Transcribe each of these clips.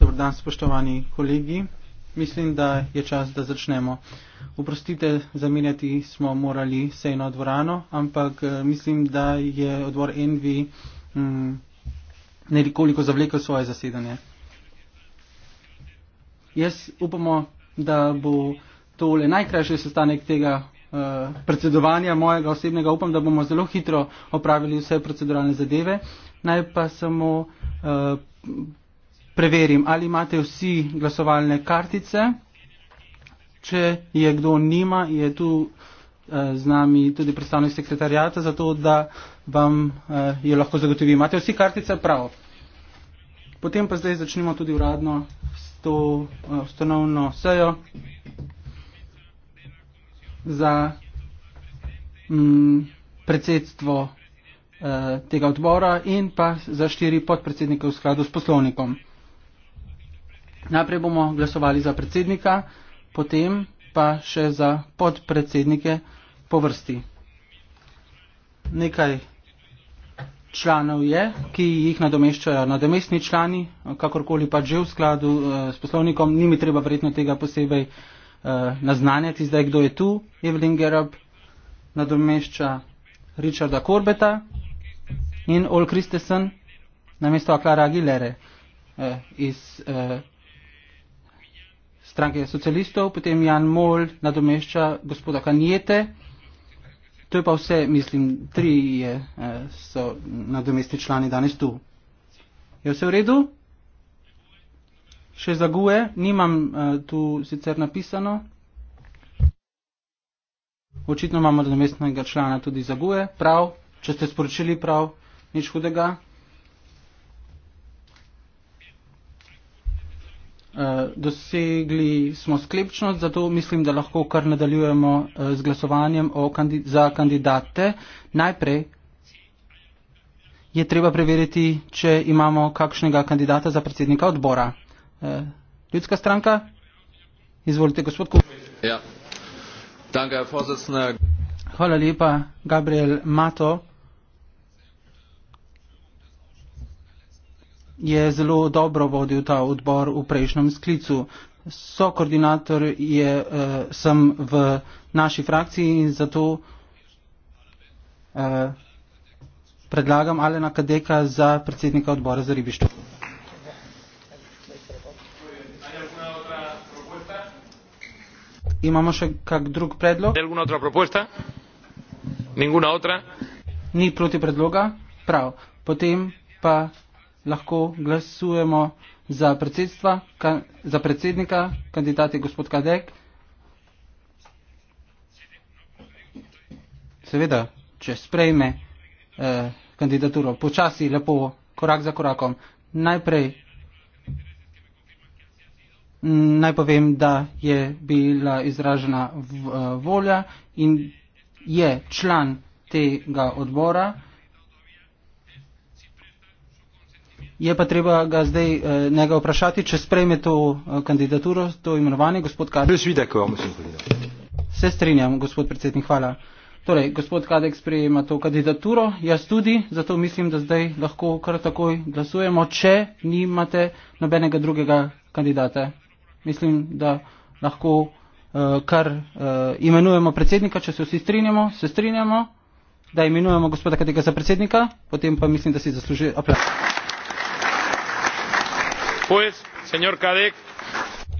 Dobro dan, spoštovani kolegi. Mislim, da je čas, da začnemo. Uprostite, zamenjati smo morali sejno dvorano, ampak eh, mislim, da je odbor Envi mm, nekoliko zavlekel svoje zasedanje. Jaz upamo, da bo tole najkrajši sestanek tega Eh, predsedovanja mojega osebnega. Upam, da bomo zelo hitro opravili vse proceduralne zadeve. Naj pa samo uh, preverim, ali imate vsi glasovalne kartice. Če je kdo nima, je tu uh, z nami tudi predstavnik sekretarjata, zato da vam uh, jo lahko zagotovim. Imate vsi kartice prav. Potem pa zdaj začnimo tudi uradno s to uh, ustanovno sejo za m, mm, predsedstvo eh, tega odbora in pa za štiri podpredsednike v skladu s poslovnikom. Najprej bomo glasovali za predsednika, potem pa še za podpredsednike po vrsti. Nekaj članov je, ki jih nadomeščajo nadomestni člani, kakorkoli pa že v skladu eh, s poslovnikom, nimi treba verjetno tega posebej. Eh, naznanjati zdaj, kdo je tu. Evelyn Gerab nadomešča Richarda Corbeta in Ol Christensen na mesto Aklara Aguilere eh, iz eh, stranke socialistov, potem Jan Mol nadomešča gospoda Kanjete. To je pa vse, mislim, tri je, eh, so nadomestni člani danes tu. Je vse v redu? še za GUE, nimam uh, tu sicer napisano. Očitno imamo nadomestnega člana tudi za GUE, prav, če ste sporočili prav, nič hudega. Uh, dosegli smo sklepčnost, zato mislim, da lahko kar nadaljujemo uh, z glasovanjem o kandi za kandidate. Najprej je treba preveriti, če imamo kakšnega kandidata za predsednika odbora. Eh, ljudska stranka. Izvolite, gospod Kupi. Ja. Danke, Herr Vorsitzender. Hvala lepa, Gabriel Mato. Je zelo dobro vodil ta odbor v prejšnjem sklicu. So koordinator je, uh, sem v naši frakciji in zato uh, predlagam Alena Kadeka za predsednika odbora za ribištvo. imamo še kak drug predlog ni proti predloga prav potem pa lahko glasujemo za predsedstva za predsednika kandidat je gospod Kadek seveda če sprejme eh, kandidaturo počasi lepo korak za korakom najprej Naj povem, da je bila izražena eh, volja in je član tega odbora. Je pa treba ga zdaj eh, njega vprašati, če sprejme to eh, kandidaturo, to imenovanje, gospod Kadek. Se strinjam, gospod predsednik, hvala. Torej, gospod Kadek sprejema to kandidaturo, jaz tudi, zato mislim, da zdaj lahko kar takoj glasujemo, če nimate nobenega drugega kandidata mislim, da lahko uh, kar uh, imenujemo predsednika, če se vsi strinjamo, se strinjamo, da imenujemo gospoda Kadega za predsednika, potem pa mislim, da si zasluži aplauz. Pues, senor Kadek.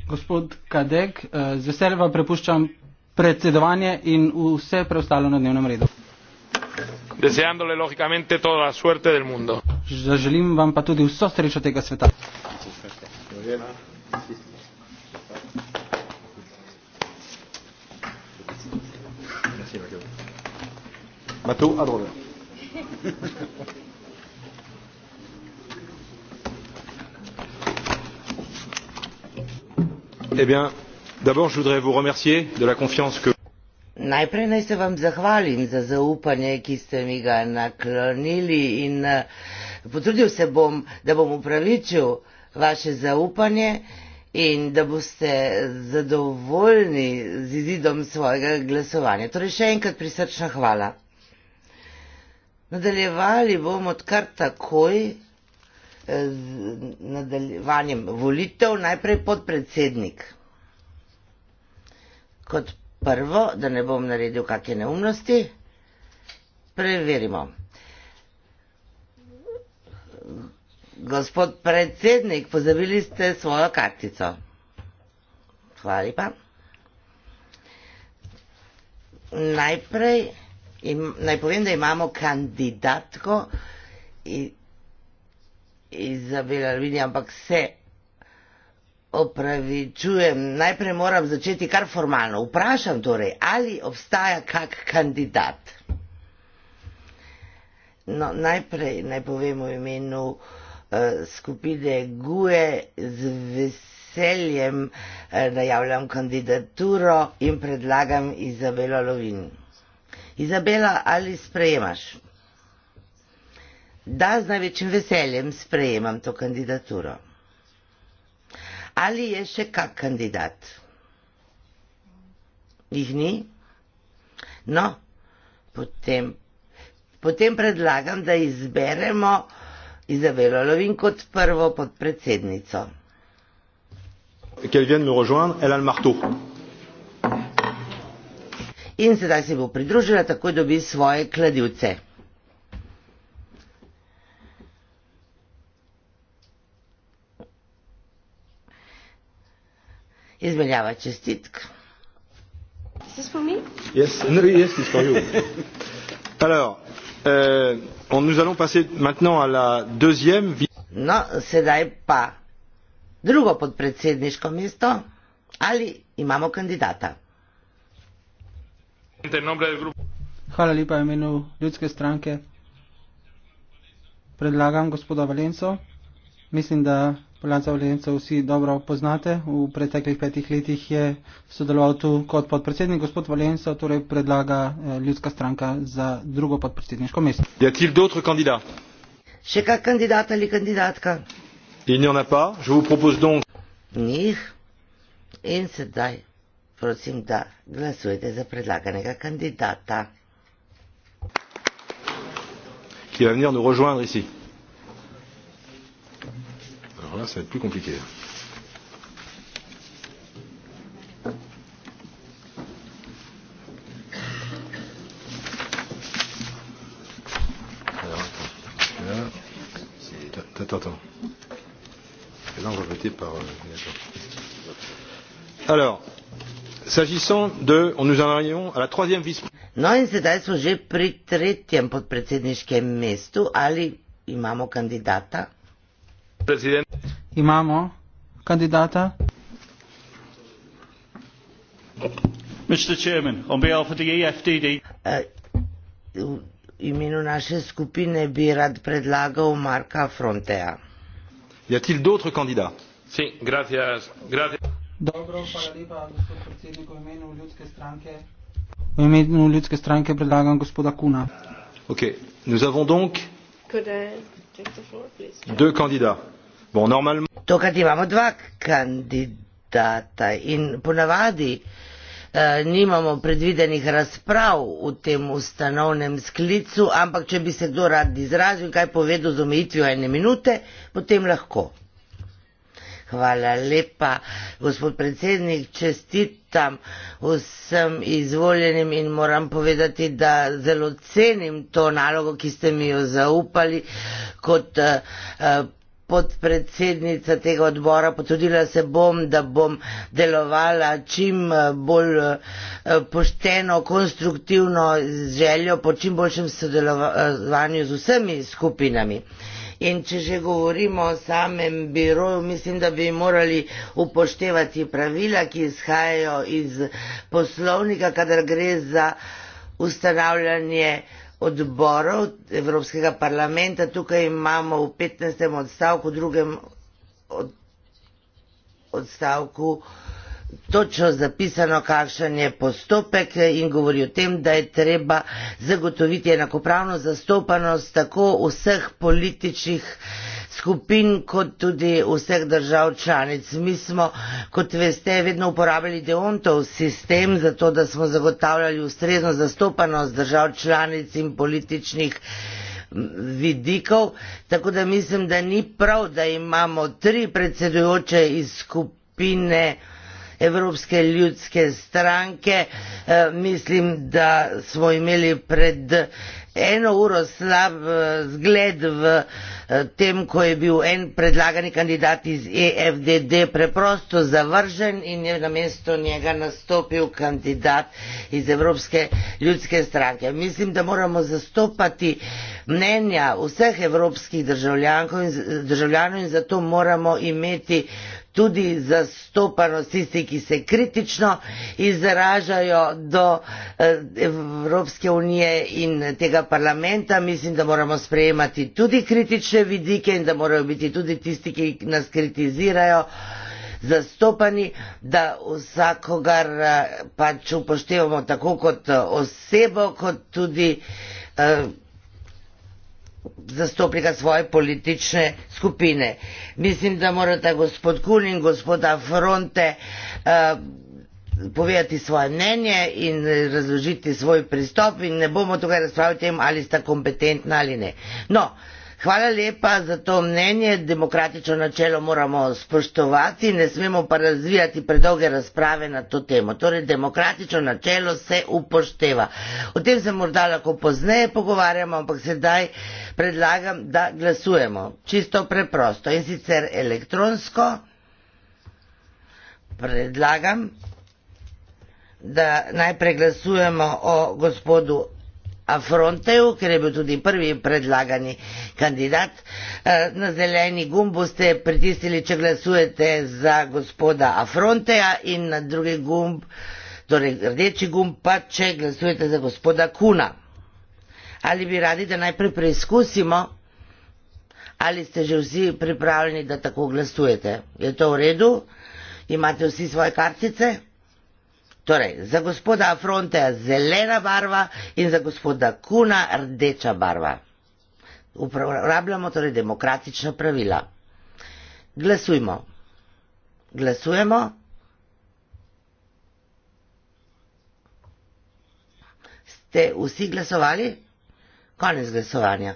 Gospod Kadek, uh, z veseljem vam prepuščam predsedovanje in vse preostalo na dnevnem redu. Deseándole lógicamente toda la suerte del mundo. Zaželim vam pa tudi vso srečo tega sveta. Muy bien, ¿eh? Pa tu, a dobro. Eh bien, d'abord, je voudrais vous remercier de la confiance que. Najprej naj se vam zahvalim za zaupanje, ki ste mi ga naklonili in eh, potrudil se bom, da bom upravičil vaše zaupanje in da boste zadovoljni z izidom svojega glasovanja. Torej še enkrat prisrčna hvala. Nadaljevali bomo kar takoj eh, z nadaljevanjem volitev, najprej podpredsednik. Kot prvo, da ne bom naredil kakšne neumnosti, preverimo. Gospod predsednik, pozabili ste svojo kartico. Hvala lepa. Najprej. In naj povem, da imamo kandidatko iz Belarvini, ampak se opravičujem. Najprej moram začeti kar formalno. Vprašam torej, ali obstaja kak kandidat. No, najprej naj povem v imenu uh, skupine Guje z veseljem uh, najavljam kandidaturo in predlagam Izabelo Lovin. Izabela, ali sprejemaš? Da, z največjim veseljem sprejemam to kandidaturo. Ali je še kak kandidat? Jih ni? No, potem, potem predlagam, da izberemo Izabelo Lovin kot prvo podpredsednico. Ker vjen me rejoindre, ali ima marto? in sedaj se bo pridružila, tako da dobi svoje kladivce. Izmenjava čestitk. Se spomni? Yes, no, no yes, it's for you. Alors, euh, on, nous allons passer maintenant à la deuxième No, sedaj pa drugo podpredsedniško mesto ali imamo kandidata. Hvala lepa imenu ljudske stranke. Predlagam gospoda Valenco. Mislim, da Poljanca Valenco vsi dobro poznate. V preteklih petih letih je sodeloval tu kot podpredsednik. Gospod Valenco torej predlaga eh, ljudska stranka za drugo podpredsedniško mesto. Je til dotr kandidat? Še kak kandidat ali kandidatka? In njo napa, že v propozdon. Nih. In sedaj prosim, da glasujete za predlaganega kandidata. Qui va venir nous rejoindre ici. Alors là, ça va être plus compliqué. Alors, attends. Là, attends, attends. Et là, on va voter par. Euh, Alors s'agissant de nous en arrivons à la troisième vice No in sedaj smo že pri tretjem podpredsedniškem mestu. Ali imamo kandidata? President. Imamo kandidata. Mr. Chairman, on behalf of the EFDD. Uh, eh, v imenu naše skupine bi rad predlagal Marka Fronteja. Je tu drugi kandidat? Si, gracias, gracias. Dobro, hvala lepa, gospod predsednik, v imenu ljudske stranke. V imenu ljudske stranke predlagam gospoda Kuna. Ok, nous avons donc deux candidats. Bon, normalement... Tokrat imamo dva kandidata in ponavadi Uh, nimamo predvidenih razprav v tem ustanovnem sklicu, ampak če bi se kdo rad izrazil in kaj povedal z omejitvijo ene minute, potem lahko. Hvala lepa, gospod predsednik, čestitam vsem izvoljenim in moram povedati, da zelo cenim to nalogo, ki ste mi jo zaupali kot eh, podpredsednica tega odbora. Potrudila se bom, da bom delovala čim eh, bolj eh, pošteno, konstruktivno z željo po čim boljšem sodelovanju z vsemi skupinami. In če že govorimo o samem biroju, mislim, da bi morali upoštevati pravila, ki izhajajo iz poslovnika, kadar gre za ustanavljanje odborov Evropskega parlamenta. Tukaj imamo v 15. odstavku, drugem odstavku, točno zapisano, kakšen je postopek in govori o tem, da je treba zagotoviti enakopravno zastopanost tako vseh političnih skupin kot tudi vseh držav članic. Mi smo, kot veste, vedno uporabljali deontov sistem za to, da smo zagotavljali ustrezno zastopanost držav članic in političnih vidikov, tako da mislim, da ni prav, da imamo tri predsedujoče iz skupine Evropske ljudske stranke. Eh, mislim, da smo imeli pred eno uro slab eh, zgled v eh, tem, ko je bil en predlagani kandidat iz EFDD preprosto zavržen in je na mesto njega nastopil kandidat iz Evropske ljudske stranke. Mislim, da moramo zastopati mnenja vseh evropskih državljanov in zato moramo imeti tudi zastopanost tistih, ki se kritično izražajo do eh, Evropske unije in tega parlamenta. Mislim, da moramo sprejemati tudi kritične vidike in da morajo biti tudi tisti, ki nas kritizirajo, zastopani, da vsakogar eh, pač upoštevamo tako kot eh, osebo, kot tudi. Eh, zastopnika svoje politične skupine. Mislim, da morate gospod Kul in gospoda Fronte uh, povedati svoje mnenje in razložiti svoj pristop in ne bomo tukaj razpravljati o tem, ali sta kompetentna ali ne. No, uh, Hvala lepa za to mnenje. Demokratično načelo moramo spoštovati, ne smemo pa razvijati predolge razprave na to temo. Torej, demokratično načelo se upošteva. O tem se morda lahko pozneje pogovarjamo, ampak sedaj predlagam, da glasujemo. Čisto preprosto in sicer elektronsko. Predlagam, da najprej glasujemo o gospodu Afronteju, ker je bil tudi prvi predlagani kandidat. Eh, na zeleni gumb boste pritisnili, če glasujete za gospoda Afronteja in na drugi gumb, torej rdeči gumb, pa če glasujete za gospoda Kuna. Ali bi radi, da najprej preizkusimo, ali ste že vsi pripravljeni, da tako glasujete? Je to v redu? Imate vsi svoje kartice? Torej, za gospoda Afronteja zelena barva in za gospoda Kuna rdeča barva. Uporabljamo torej demokratična pravila. Glasujmo. Glasujemo. Ste vsi glasovali? Konec glasovanja.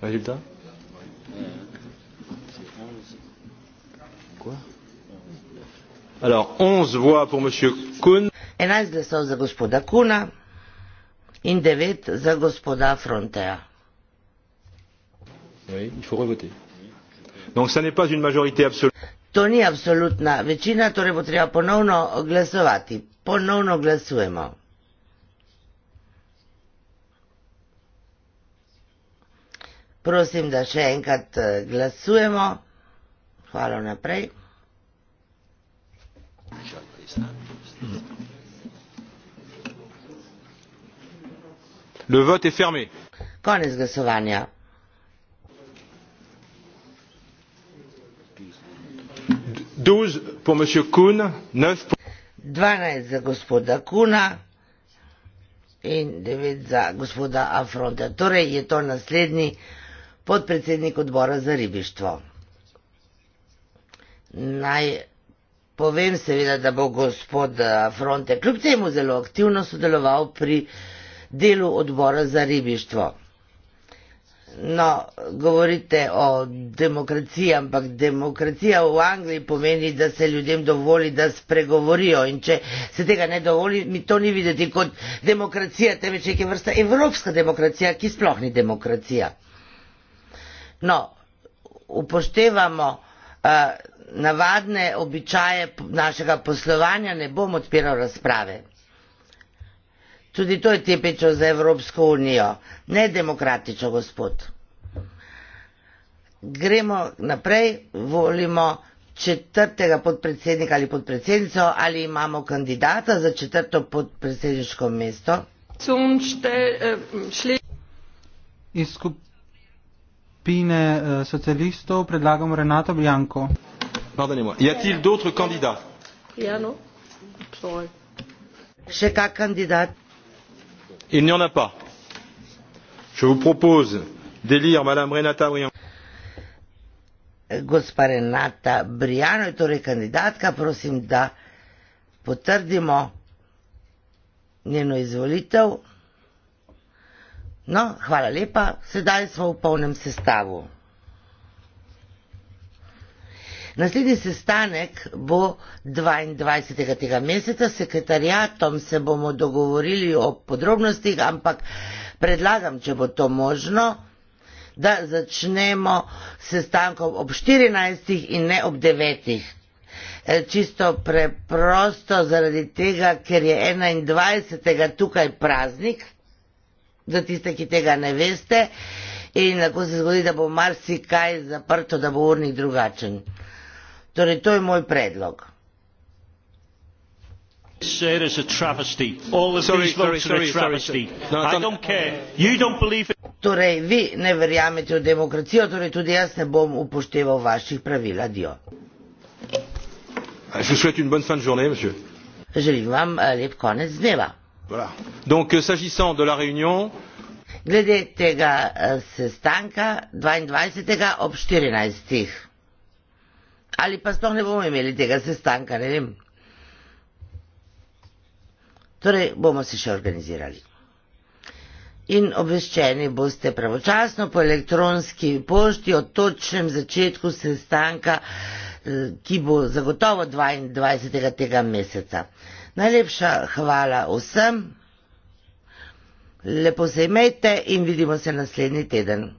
Hvala. quoi Alors, 11 voix pour monsieur Kuhn. 11 glasov za gospoda Kuna in 9 za gospoda Frontea. Oui, il faut revoter. Donc ça n'est pas une majorité absolue. To ni absolutna večina, torej bo treba ponovno glasovati. Ponovno glasujemo. Prosim, da še enkrat eh, glasujemo. Hvala naprej. Le vote est fermé. Konec glasovanja. Pour Kuhn, 9 pour... 12 za gospoda Kuna in 9 za gospoda Afronta. Torej je to naslednji podpredsednik odbora za ribištvo naj povem seveda, da bo gospod eh, Fronte kljub temu zelo aktivno sodeloval pri delu odbora za ribištvo. No, govorite o demokraciji, ampak demokracija v Angliji pomeni, da se ljudem dovoli, da spregovorijo in če se tega ne dovoli, mi to ni videti kot demokracija, temveč je vrsta evropska demokracija, ki sploh ni demokracija. No, upoštevamo, navadne običaje našega poslovanja ne bom odpiral razprave. Tudi to je tipično za Evropsko unijo. Nedemokratično, gospod. Gremo naprej, volimo četrtega podpredsednika ali podpredsednico ali imamo kandidata za četrto podpredsedniško mesto. Äh, Iskup skupine uh, socialistov predlagamo Renato Bjanko. Še kak kandidat? Il n'y en a pas. Je vous propose d'élire Madame Renata Brian. Gospa Renata Briano je torej kandidatka, prosim, da potrdimo njeno izvolitev. No, hvala lepa, sedaj smo v polnem sestavu. Naslednji sestanek bo 22. tega meseca, s sekretarjatom se bomo dogovorili o podrobnostih, ampak predlagam, če bo to možno, da začnemo sestankom ob 14. in ne ob 9. E, čisto preprosto zaradi tega, ker je 21. tukaj praznik, za tiste, ki tega ne veste. In lahko se zgodi, da bo marsikaj zaprto, da bo urnik drugačen. Torej, to je moj predlog. Say it is a travesty. All of sorry, these votes sorry, are sorry, a travesty. No, I don't care. You don't believe it. Torej, vi ne verjamete v demokracijo, torej tudi jaz ne bom upošteval vaših pravil. Adio. Želim vam eh, lep konec dneva. Donc, euh, s'agissant de la réunion. Glede tega uh, sestanka 22. ob 14. Ali pa sploh ne bomo imeli tega sestanka, ne vem. Torej, bomo se še organizirali. In obveščeni boste pravočasno po elektronski pošti o točnem začetku sestanka, eh, ki bo zagotovo 22. tega meseca. Uh, Najlepša hvala vsem, lepo se imejte in vidimo se naslednji teden.